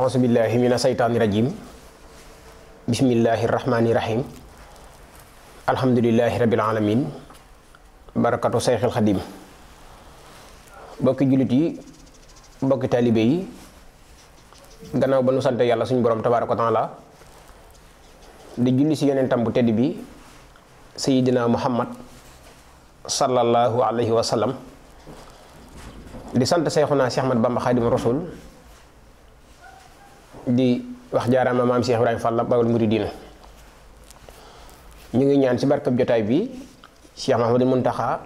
ausu billahi mina seytaani rajim bismillahi rahmaani rahim alhamdulilahi rabil alamin barakatu seyxil xadim bokki jullit yi bokki taalibe yi gannaaw ba nu sant yàlla suñu borom tabaaraka taala di julli si yonentam bu tedd bi sayidina muhammad sallallahu alayhi wa di sant seyxuna Ahmad Bamba Xaadimu Rasuul di wax jaaraama maam Cheikh Ibrahima Fall Baol Mouridina ñu ngi ñaan ci barkab jotaay bi Cheikh Mahamadul Muntaxa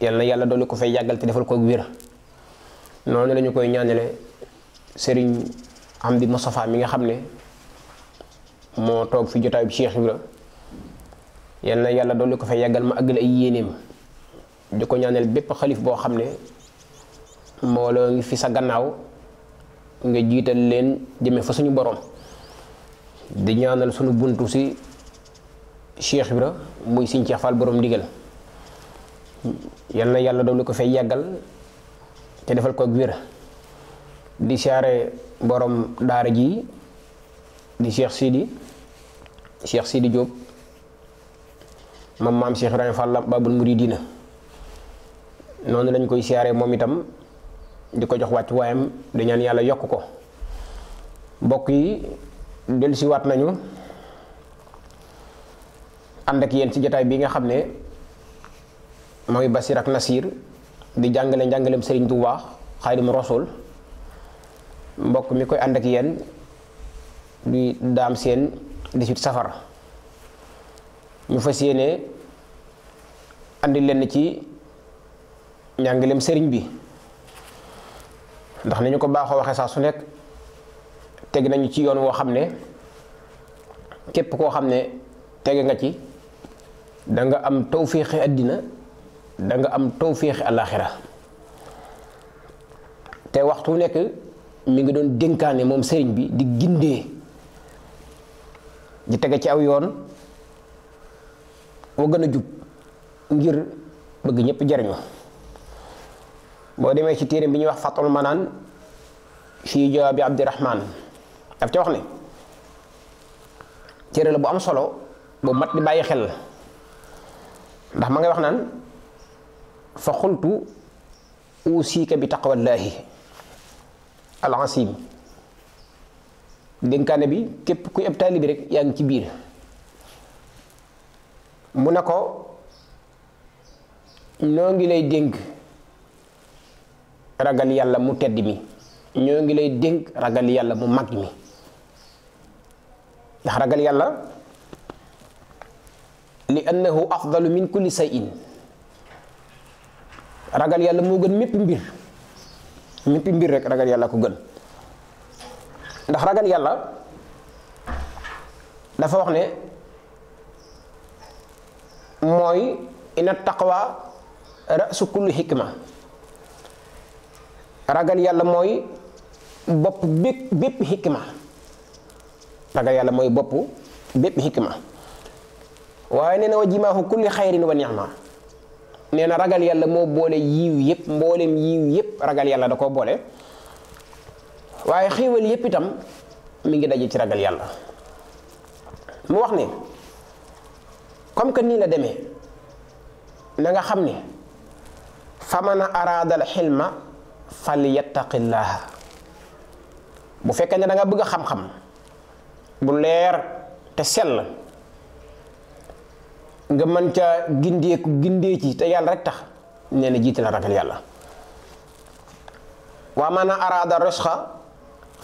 yal na yàlla dolli ko fa yàggal te defal kook wér noonu lañu koy ñaanale Serigne Amdi Moustapha mi nga xam ne moo toog fi jotaay bi Cheikh la yal na yàlla dolli ko fa yàggal ma àggale ay yéeneem di ko ñaanal bépp xalif boo xam ne mbooloo ngi fi sa gannaaw nga jiital leen jëme fa suñu boroom di ñaanal suñu buntu si Cheikh Ibra muy Sëriñ Cheikh Fall borom ndigal yal na yàlla doon li ko fay yàggal te defal ko ak wér di siyaare boroom daara ji di Cheikh Sidi Cheikh Sidi Diop mam maam Cheikh Ibrahima Fall Babul Muridina noonu lañ koy siyaare moom itam di ko jox wàcc waayam di ñaan yàlla yokk ko mbokk yi dellusiwaat nañu ànd ak yéen ci jataay bii nga xam ne mooy Basir ak Nasir di jàngale njàngaleem Sëriñ Tuubaa Xaadimu Rasuul mbokk mi koy ànd ak yéen di daam seen 18 safar ñu fas yéene andi leen ci njàngaleem sëriñ bi ndax ni ko baaxoo waxee saa su nekk teg nañu ci yoon woo xam ne képp koo xam ne tege nga ci danga nga am tawféexi àddina danga am am tawféexi àllaaxira te waxtu nekk mu ngi doon dénkaane moom sëriñ bi di gindee di tege ci aw yoon wa gën a jub ngir bëgg ñëpp jariñu boo demee ci téere bi ñuy wax ma naan fii jawaabi abdirahman daf ca wax ne téere la bu am solo bu mat di bàyyi xel ndax ma ngay wax naan fa xultu usiika bi taqwallaahi al asim dénkaane bi képp ku kuy ab bi rek yaa ngi ci biir mu ne ko noo ngi lay dénk ragal yàlla mu tedd mi ñoo ngi lay dénk ragal yàlla mu mag mi ndax ragal yàlla li annahu afdalu min kulli sayin ragal yàlla moo gën mépp mbir mépp mbir rek ragal yàlla ko gën ndax ragal yàlla dafa wax ne mooy ina taqwa rasu kulli hikma ragal yàlla mooy bopp bépp bépp xikma ragal yàlla mooy bopp bépp xikma waaye nee na wa jimaahu kulli xayrin wa nicma nee na ragal yàlla moo boole yiw yëpp mboolem yiiw yëpp ragal yàlla da koo boole waaye xéewal yëpp itam mi ngi daje ci ragal yàlla mu wax ne comme que nii la demee nanga xam ne fa man araada xilma fal yattaqillaaha bu fekkee ne danga bëgg a xam-xam bu leer te sell nga mën ca gindeeku gindee ci te yàlla rek tax nee na jiital ragal yàlla waa maanaam araada risqa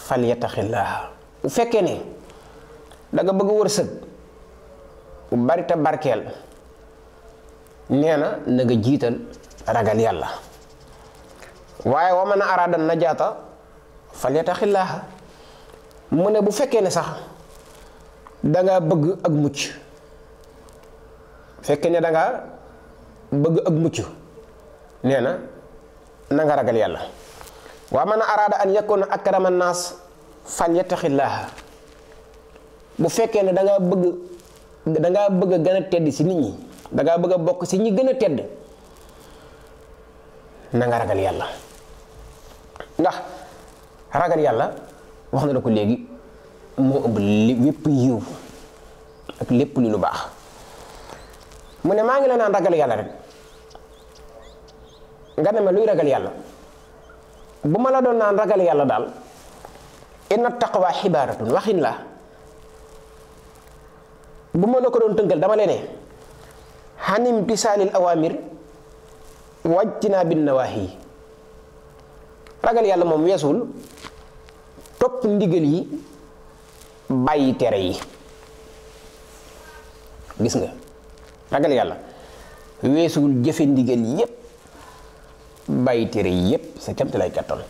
fal yattaqillaaha bu fekkee ne danga bëgg wërsëg bu bari te barkeel nee na na nga jiital ragal yàlla waaye wa man araada najaata falyataxillaaha mu ne bu fekkee ne sax dangaa bëgg ak mucc fekkee ne danga bëgg ak mucc nee na na ragal yàlla wa man araada an yakuna akrama naas falyataxillaaha bu fekkee ne danga bëgg danga bëgg a gën a tedd ci nit ñi dangaa bëgg a bokk ci ñi gën a tedd nanga ragal yàlla ndax ragal yàlla wax na la ko léegi moo ëmb lépp yiw ak lépp li lu baax mu ne maa ngi la naan ragal yàlla rek nga ne ma luy ragal yàlla bu ma la doon naan ragal yàlla daal inna taqwa xibaaratun waxin la bu ma la ko doon tënkal dama lene xanim tisaalil awamir bind bin nawaahi ragal yàlla moom weesuwul topp ndigal yi bàyyi tere yi gis nga ragal yàlla weesuwul jëfe ndigal yépp bàyyi tere yi yépp sa camte lay kattan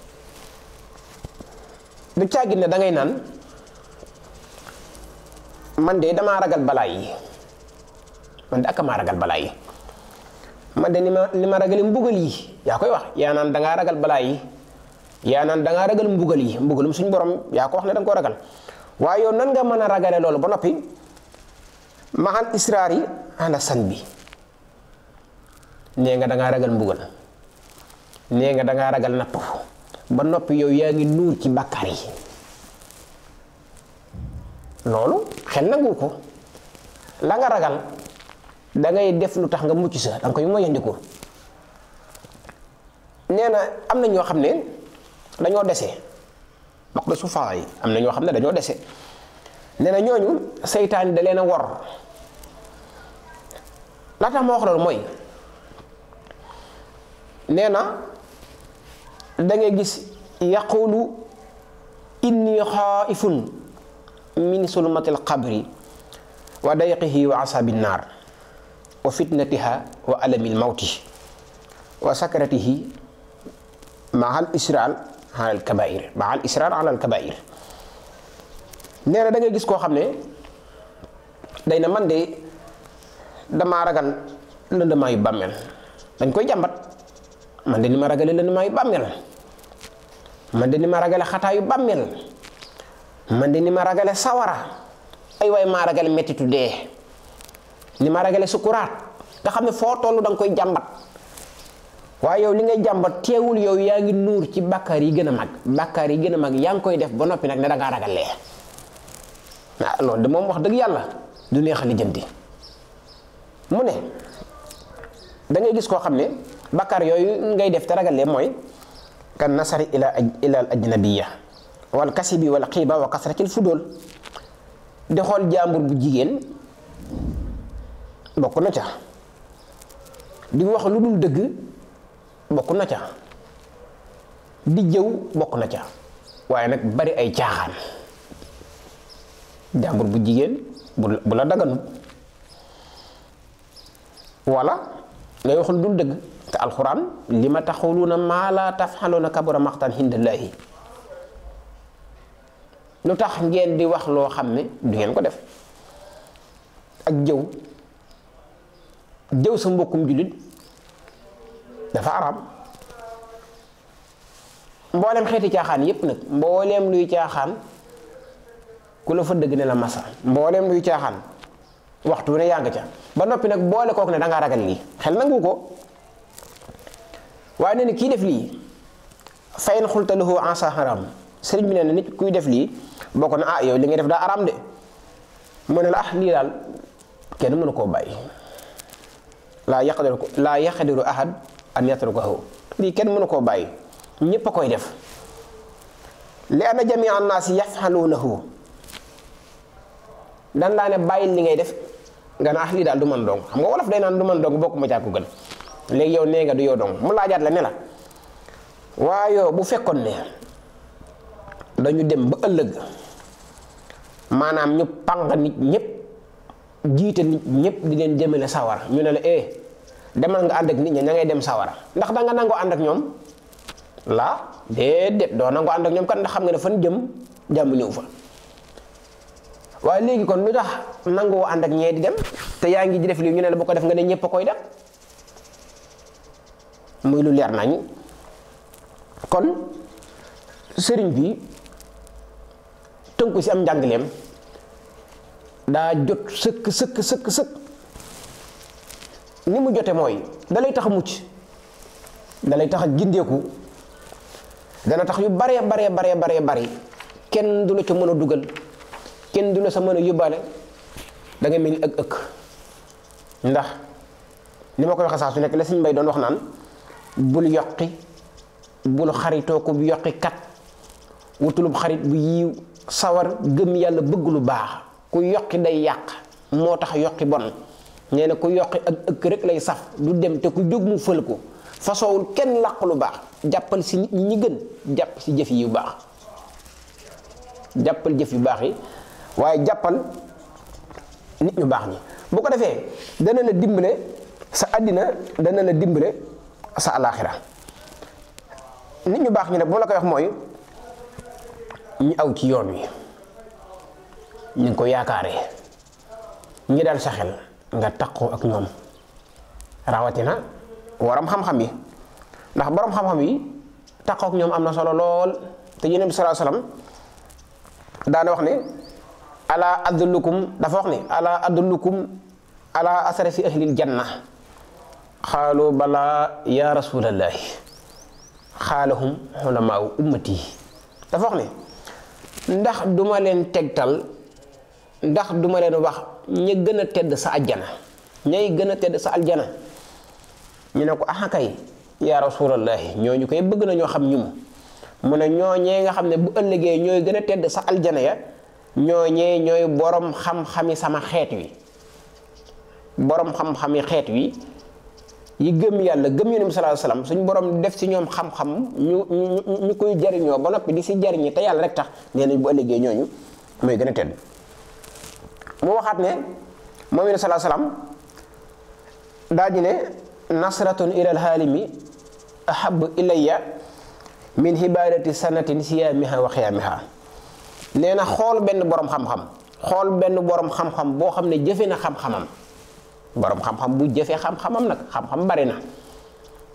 du caagin ne dangay naan man de damaa ragal balaa yi man de ak maa ragal balaa yi man de ni ma ni ma ragale mbugal yi yaa koy wax yaa naan dangaa ragal balaa yi yaa naan dangaa ragal mbugal yi mbugalum suñu borom yaa ko wax ne da nga koo ragal waaye yow nan nga mën a ragale loolu ba noppi maxan israar bi nee nga da ragal mbugal nee nga da ragal napp ba noppi yow yaa ngi nuur ci bàkkaar yi loolu xel nangu ko la nga ragal dangay ngay def lu tax nga mucc sa da nga koy moyandiku nee na am na ñoo xam ne dañoo dese ndox de suufaa yi am na ñoo xam ne dañoo dese nee na ñooñu seytaan da leen a wor laa tax ma wax loolu mooy nee na da gis yaqulu inni xaaifun min sulmatil qabri wa dayqihi wa asabi naar wa fitnatiha wa alamil mawti wa sakaratihi ma hal israel alal kabair maa al israar alal kabair nee na gis koo xam ne day na man de damaa ragal lëndamaayu bàmmeel dañ koy jàmbat man de ni ma ragale lëndamaayu bàmmeel man de ni ma ragale xataayu bàmmeel man de ni ma ragale sawara ay waay maa ragale mettitu de ni ma ragale sukuraat nga xam ne foo tollu danga koy jàmbat waaye yow li ngay jàmbat teewul yow yaa ngi nuur ci bàkkaar yi gën a mag bàkkaar yi gën a mag yaa ngi koy def ba noppi nag ne da ngaa ragalee ah wax dëgg yàlla du neex a lijjanti mu ne dangay gis koo xam ne bàkkaar yooyu ngay def te ragalee mooy kan nasari ila ila al ajnabiya wal kasibi wal xiiba wa kasratil fudóol di xool jàmbur bu jigéen bokk na ca di wax lu dul dëgg bokk na ca di jëw bokk na ca waaye nag bari ay caaxaan jàmbur bu jigéen bu la daganut wala ngay waxul dul dëgg te alxuraan li ma na maa laa tafxaluuna kabura maxtan hindallaahi lu tax ngeen di wax loo xam ne du ngeen ko def ak jëw jëw sa mbokkum jullit dafa araam mboolem xeeti caaxaan yépp nag mbooleem luy caaxaan ku la fa dëgg ne la masa mbooleem luy caaxaan waxtu ne yaa nga ca ba noppi nag boole kook ne dangaa ragal lii xel nangu ko waaye ne ni kii def lii fa in xulta lahu an sa haram sëriñ bi ne nit kuy def lii boo ko ne ah yow li nga def daa araam de mu ne la ah lii daal kenn mënu koo bàyyi laa yaqdiru laa yaqdiru ahad ko yatrukahu lii kenn mënu koo bàyyi ñépp a koy def naa si ana jamii na yafaluunahu dan laa ne bàyyil li ngay def nga ne ah daal du man dong xam nga wolof day naan du man dong bokk ma caa ko gën léegi yow nee nga du yow dong mu laajaat la ne la waaye bu fekkoon ne dañu dem ba ëllëg maanaam ñu pàng nit ñépp jiite nit ñëpp di leen jëmale sawar ñu ne la eh demal nga ànd ak nit ñi ña ngay dem sawara ndax da nga nangoo ànd ak ñoom la déedéet doo nangoo ànd ak ñoom kat ndax xam nga ne fan jëm jàmm ñëw fa waaye léegi kon lu tax nangoo ànd ak ñee di dem te yaa ngi di def li ñu ne la bu ko def nga ne ñëpp a koy def muy lu leer nañ kon sëriñ bi tënku si am njàngaleem daa jot sëkk sëkk sëkk sëkk ni mu jote mooy dalay tax a mucc dalay tax a gindeeku dana tax yu baree baree baree baree bari kenn du la ca mën a dugal kenn du la sa mën a yóbbaale da ngay mel ni ëkk ëkk ndax ni ma koy waxee saa su nekk la suñ may doon wax naan bul yoqi bul xaritoo ko bu yoqi kat wutulub xarit bu yiw sawar gëm yàlla bëgg lu baax ku yoqi day yàq moo tax yoqi bon nee ku yoqi ak ëkk rek lay saf du dem te ku jóg mu fël ko fasowul kenn làq lu baax jàppal si ñi gën jàpp si jëf yu baax jàppal jëf yu baax yi waaye jàppal nit ñu baax ñi bu ko defee dana la dimbale sa àddina dana la dimbale sa alaaxira nit ñu baax ñi nag bu ma la koy mooy ñu aw ci yoon wi ñu ngi ko yaakaaree ñi daal sa xel nga taqoo ak ñoom rawatina waram xam-xam yi ndax borom xam-xam yi taqoo ak ñoom am na solo lool te Yonent bi sallallahu alayhi wax ne ala adullukum dafa ni ne ala adullukum ala asrafi ahlil janna xaalu bala ya rasulallahi xaalahum xulamaawu ummati dafa wax ndax duma leen tegtal ndax duma leen wax ña gën a tedd sa aljana ñay gën a tedd sa aljana ñu ne ko ah kay yaa rasulallahi ñooñu koy bëgg na ñoo xam ñum mu ne ñooñee nga xam ne bu ëllëgee ñooy gën a tedd sa aljana ya ñoo ñooñee ñooy boroom xam-xami sama xeet wi boroom xam-xami xeet wi yi gëm yàlla gëm yonent bi sallallahu alayhi wasallam suñu borom def ci ñoom xam-xam ñu ñu ñu koy jariñoo ba noppi di si jariñi te yàlla rek tax nee nañ bu ëllëgee ñooñu mooy gën a tedd. mu waxaat ne moom it salaa salaam daañu ne nasratun ilal haalimi ahab ilayya min hibaadati sanatin siyaamiha wa xiyaamiha nee na xool benn boroom xam-xam xool benn boroom xam-xam boo xam ne jëfe na xam-xamam borom xam-xam bu jëfe xam-xamam nag xam-xam bari na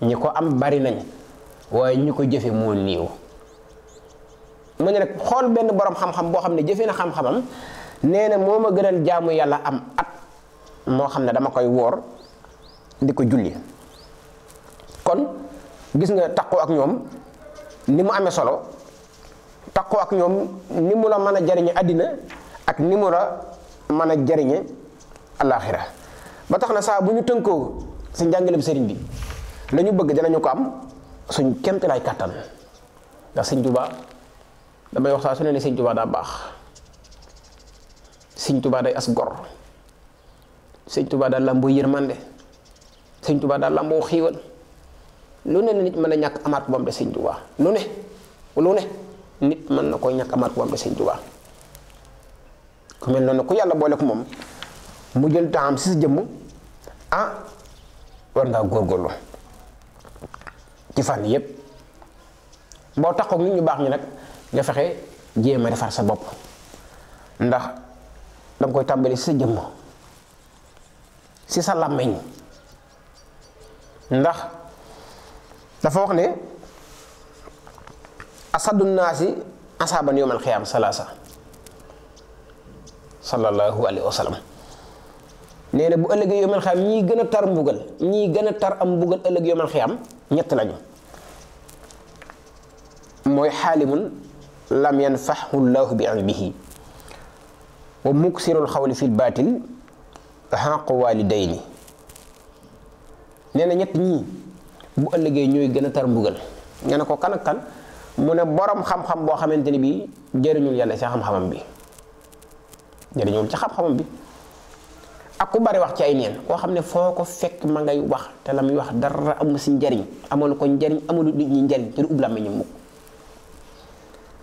ñi ko am bari nañ waaye ñi ko jëfe moo niiw mu ne nag xool benn boroom xam-xam boo xam ne jëfe na xam-xamam nee na moo ma gënal jaamu yàlla am at moo xam ne dama koy woor di ko julli kon gis nga taqoo ak ñoom ni mu amee solo taqoo ak ñoom ni mu la mën a jariñe àddina ak ni mu la mën a jariñe alaaxira ba tax na saa bu ñu tënkoo si njàngaleem sëriñ bi la ñu bëgg dinañu ko am suñ kemt lay kàttan ndax sëñ Tuubaa damay wax saa su ne ne sëñ Tuubaa daa baax siñ tubaa day as gor sëñ tubaa daal lamboo yërmande sëñ tubaa daal lamboo xiiwal lu ne nit mën a ñàkk amaat bu am de sëñ nit mën na koo ñàkk amaat bu am de tubaa ku mel noonu ku yàlla boole ko moom mu jël temps si sa jëmm ah war ngaa góorgóorlu ci fànn yépp boo taxoog nit ñu baax ñi nag nga fexe jéem a defar sa bopp ndax da koy tàmbali si sa jëmm si sa làmmiñ ndax dafa wax ne asadu naasi asaaban yowmal xiyaam salaasa sallallahu alayhi wa sallam nee na bu ëllëgee yowmal xiyaam gën a tar mbugal gën a tar am mbugal ëllëg yowmal ñett lañu mooy xaalimun lam yanfaxu llahu bi ilmihi wa muksirul xawli fil baatil xaqu waalidayni nee na ñett ñii bu ëllëgee ñooy gën a tar mbugal nga ne ko kan mu ne borom xam-xam boo xamante ni bii jëriñul yàlla ci xam-xamam bi jëriñul ci xam-xamam bi ak ku bare wax ci ay neen koo xam ne foo ko fekk ma ngay wax te la muy wax dara amu si njariñ amalu ko njariñ amalu nit ñi njariñ te du ubbi làmmiñam mukk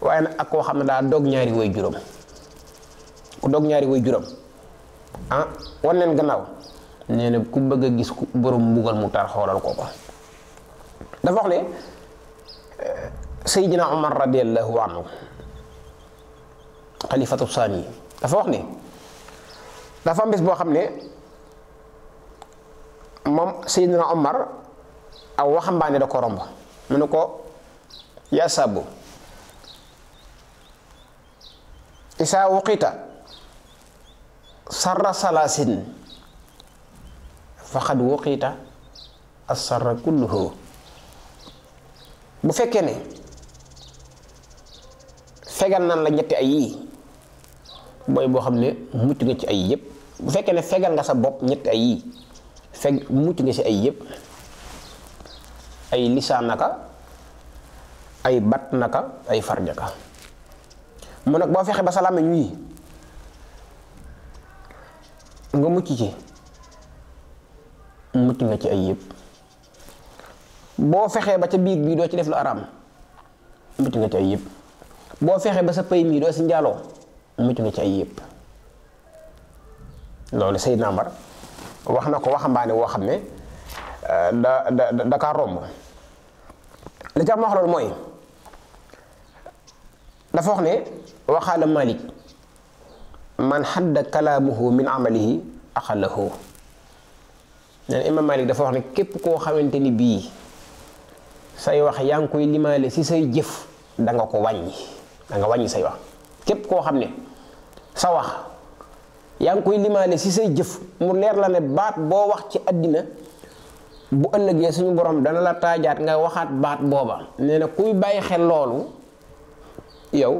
waaye nag ak koo xam ne daa dog ñaari way juróom ku dog ñaari way juram ah wan gannaaw nee na ku bëgg a gis ku borom mbugal mu tar xoolal kooko dafa wax ne eh, Seydina Omar radiallahu anhu xalifatu saani dafa wax ne dafa am boo xam ne moom Seydina Omar aw waxambaane da ko romb mu ne ko yaa saabu isaa wuqita sarra salaasin faqad wuqita asarra kulluhu bu fekkee ne fegal nan la ñetti ay yii mooy boo xam ne mucc nga ci ay yëpp bu fekkee ne fegal nga sa bopp ñetti ay yii feg mucc nga ci ay yëpp ay lisaan naka ay bat naka ay farjaka mu nag boo fexe ba sa làmmiñ nga mucc ci mucc nga ci ay yëpp boo fexee ba ca biir bii doo ci def lu araam mucc nga ci ay yëpp boo fexee ba sa pay mii doo si njaaloo mucc nga ci ay yëpp loolu say Omar wax na ko waxambaane woo xam ne euh, da da da kaa romb li tax wax loolu mooy dafa wax ne waxaala Malik man xadda kalaamuhu min amalihi axalahu neen imam malik dafa wax ne képp koo xamante ni bii say wax yaa ngi koy limaale si say jëf danga ko wàññi danga wàññi say wax képp koo xam ne sa wax yaa ngi koy limaale si say jëf mu leer la ne baat boo wax ci àddina bu ëllëgee suñu borom dana la taajaat nga waxaat baat booba nee na kuy bàyyi xel loolu yow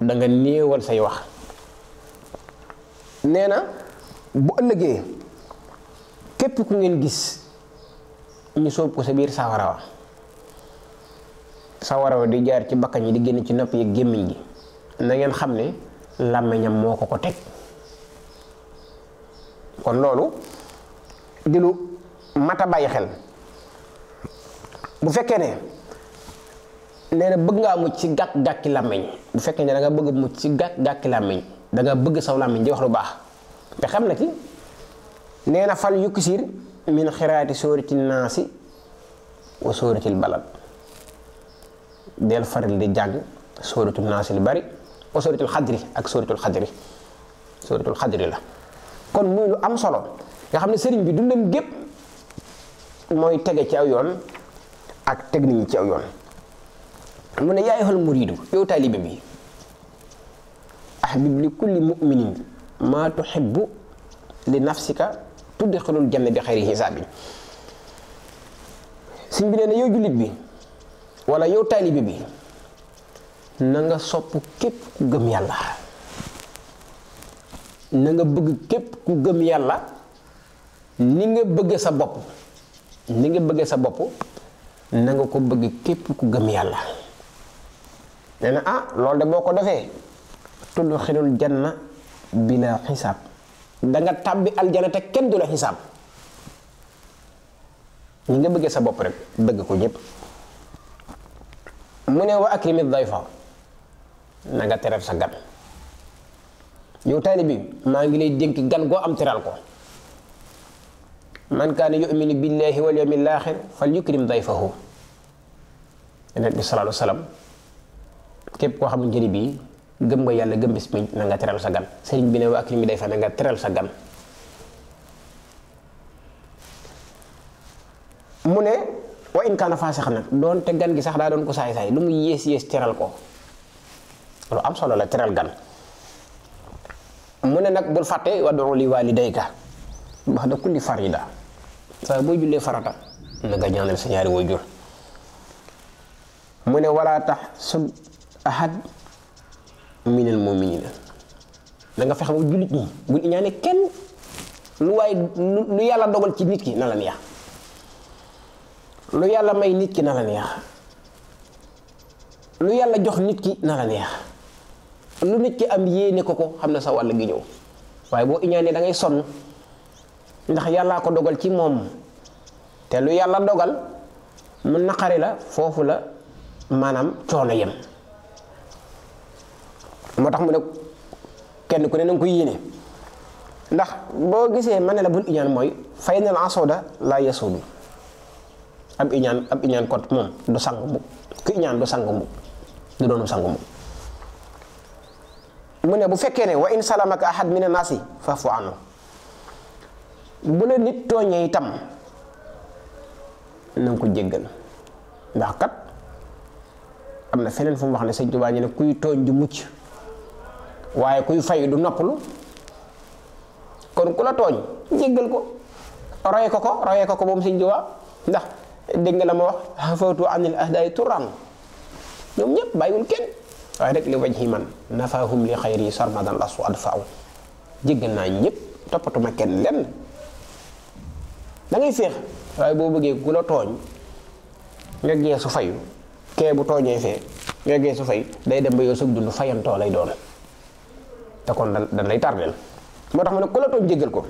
danga nga néewal say wax nee na bu ëllëgee képp ku ngeen gis ñu soob ko sa biir sawara wa sawara wa di jaar ci bakkan yi di génne ci nopp yi gémmiñ gi na ngeen xam ne làmmiñam moo ko ko teg kon loolu di lu mat a bàyyi xel bu fekkee ne nee na bëgg ngaa mucc ci gàkk gàkki làmmeñ bu fekkee ne da nga bëgg mucc ci gàkk gàkki làmmeñ danga nga bëgg saw làmmiñ di wax lu baax te xam na ki nee na fal yuksir min xiraati sóoriti naasi wa sóoritil balad del faril di jàng sóoritu naasi lu bari wa sóoritul xadri ak sóoritul xadri sóoritul xadri la kon muy lu am solo nga xam ne sëriñ bi dundam gépp mooy tege ci aw yoon ak teg nañu ci aw yoon mu ne yaay xol muriidu yow taalibe bi ahbib li kulli muminin maa tuhibbu li nafsika tudxilul janna bi xayri xisaabin sëñ bi nee na yow jullit bi wala yow taalibe bi na nga sopp képp ku gëm yàlla na bëgg képp ku gëm yàlla ni nga bëgge sa bopp ni nga bëgge sa bopp nanga ko bëgg képp ku gëm yàlla nee ah loolu de boo ko defee tudxilul janna bila xisaab danga tàbbi aljana kenn du la xisaab ñi nga bëggee sa bopp rek dëgg ko ñëpp mu ne wa akrimi dayfa na nga teral sa gan yow taalibe bi maa ngi lay dénk gan koo am teral ko man kaana yuminu billahi fan yawmil aaxir fal yukrim dayfahu yonent bi sallallahu alayhi wa sallam képp koo xamante ni bii gëm nga yàlla gëm bis bi teral sa gan sëriñ bi ne waa akrim bi day fa na nga teral sa gan mu ne wa in kaana faa sax nag doon te gan gi sax daa doon ko saay saay lu mu yées yées teral ko lu am solo la teral gan mu ne nag bul fàtte wa lii li waalidayka wax da kulli farida saa boo jullee farata na nga sa ñaari waajur mu ne wala tax sub ahad minal moom da danga fexe ba jullit ñi bul iñaane kenn lu waaye lu yàlla dogal ci nit ki na la neex lu yàlla may nit ki na la neex lu yàlla jox nit ki na la neex lu nit ki am yéene ko ko xam na sa wàll gi ñëw waaye boo iñaanee dangay ngay sonn ndax yàllaa ko dogal ci moom te lu yàlla dogal mu naqari la foofu la maanaam coono yem moo tax mu ne kenn ku ne na nga koy ndax boo gisee ma ne la bul iñaan mooy fay na la asooda laa yasoodu ab iñaan ab iñaan kot moom du sang mukk ku iñaan du sang mukk du doonu sang mukk mu ne bu fekkee ne wa in salamaka ahad mina naasi faafu anhu bu la nit tooñee itam na nga ko jéggal ndax kat am na feneen fu wax ne sëñ Tuubaa ñu ne kuy tooñ ju mucc waaye kuy fay du noppalu kon ku la tooñ jéggal ko roye ko ko roye ko ko moom sëñ Tuubaa ndax dégg nga la ma wax hafawtu anil ahdaay turan ñoom ñëpp bàyyiwul kenn waaye rek li wajhi man nafahum li xayri sarmadan lasu adfaaw naa ñëpp toppatuma kenn lenn da waaye boo bëggee ku la tooñ nga geesu fayu kee bu tooñee fee nga geesu fay day dem ba yow sëg dund fayantoo lay doon te kon da lay tardeel moo tax mu ne ku la jéggal ko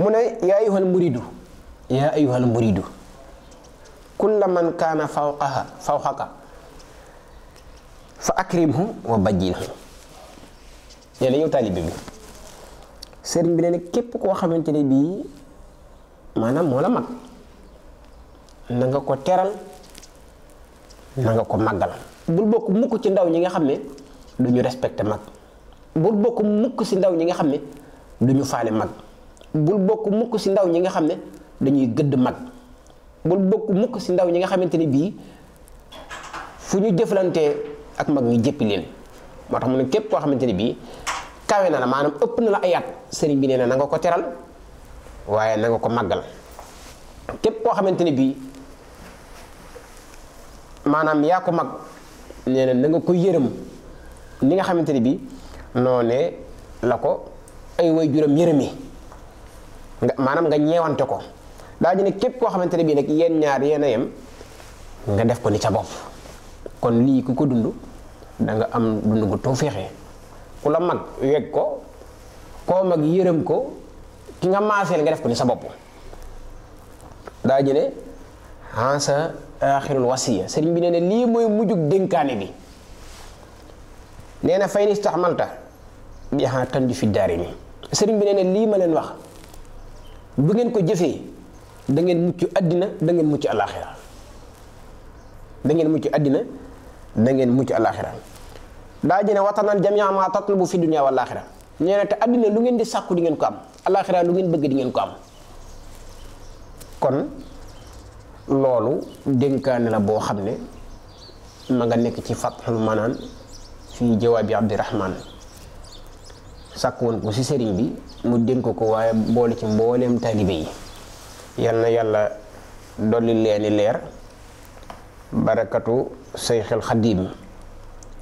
mu ne yaa ayyuhal muridu yaa ayyuhal muridu man kaana fawqaha fawqaka fa akrimhu wa bajjinhu bi sëriñ bi nee képp koo xamante ne bii maanaam moo la mag teral na nga ko màggal bul bokk mukk ci ndaw ñi nga xam ne du ñu respecté mag bul bokk mukk si ndaw ñi nga xam ne du ñu faale mag bul bokk mukk si ndaw ñi nga xam ne dañuy gëdd mag bul bokk mukk si ndaw ñi nga xamante ni bii fu ñu jëflantee ak mag ñu jëppi leen moo tax mu ne képp koo xamante ni bii kawe na la maanaam ëpp na la ay at sëriñ bi nee na na nga ko teral waaye na nga ko màggal képp koo xamante ni bii maanaam yaa ko mag nee na na nga ko yërëm li nga xamante ne bii noonee la ko ay way juram yërëmi nga maanaam nga ñeewante ko daa ñu ne képp koo xamante ne bii nag yéen ñaar yéen a yem nga def ko ni ca bopp kon lii ku ko dund da am dund gu tawféexee ku la mag weg ko koo mag yërëm ko ki nga maaseel nga def ko ni sa bopp daa ñu ne ansa axirul wasiya sëriñ bi nee ne lii mooy mujjug dénkaane bi nee na fay ni istaxmalta bi xanaa tanju fi daari ni sëriñ bi nee na lii ma leen wax bu ngeen ko jëfee da ngeen mucc àddina dangeen mucc alaxira da ngeen mucc àddina da ngeen mucc alaxira daa ji ne watanan jamia ma tatlubu fi dunia wal axira nee na te àddina lu ngeen di sàkku di ngeen ko am alaxira lu ngeen bëgg di ngeen ko am kon loolu dénkaane la boo xam ne ma nga nekk ci fathul manaan fii jawaabi Abdirahman sàkk woon ko ci sëriñ bi mu dénk ko waaye boole ci mbooleem taalibe yi yal na yàlla dolli leeni leer barakatu Seyxul Xadiim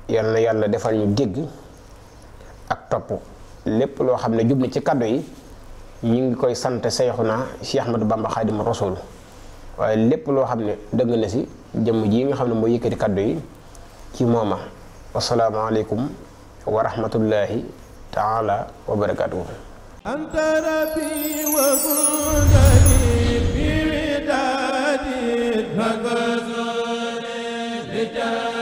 yal na yàlla defal ñu dégg ak topp lépp loo xam ne jub na ci kàddu yi ñu ngi koy sant naa Cheikh Ahmadou Bamba Xaadimu Rasuul waaye lépp loo xam ne dëgg na si jëmm ji nga xam ne mooy yëkkati kàddu yi ci mooma wasalaamualeykum wa rahmatullahi taala wa barakaatuhu أنت ربي وكنتني بودادي فكسوني لجاهي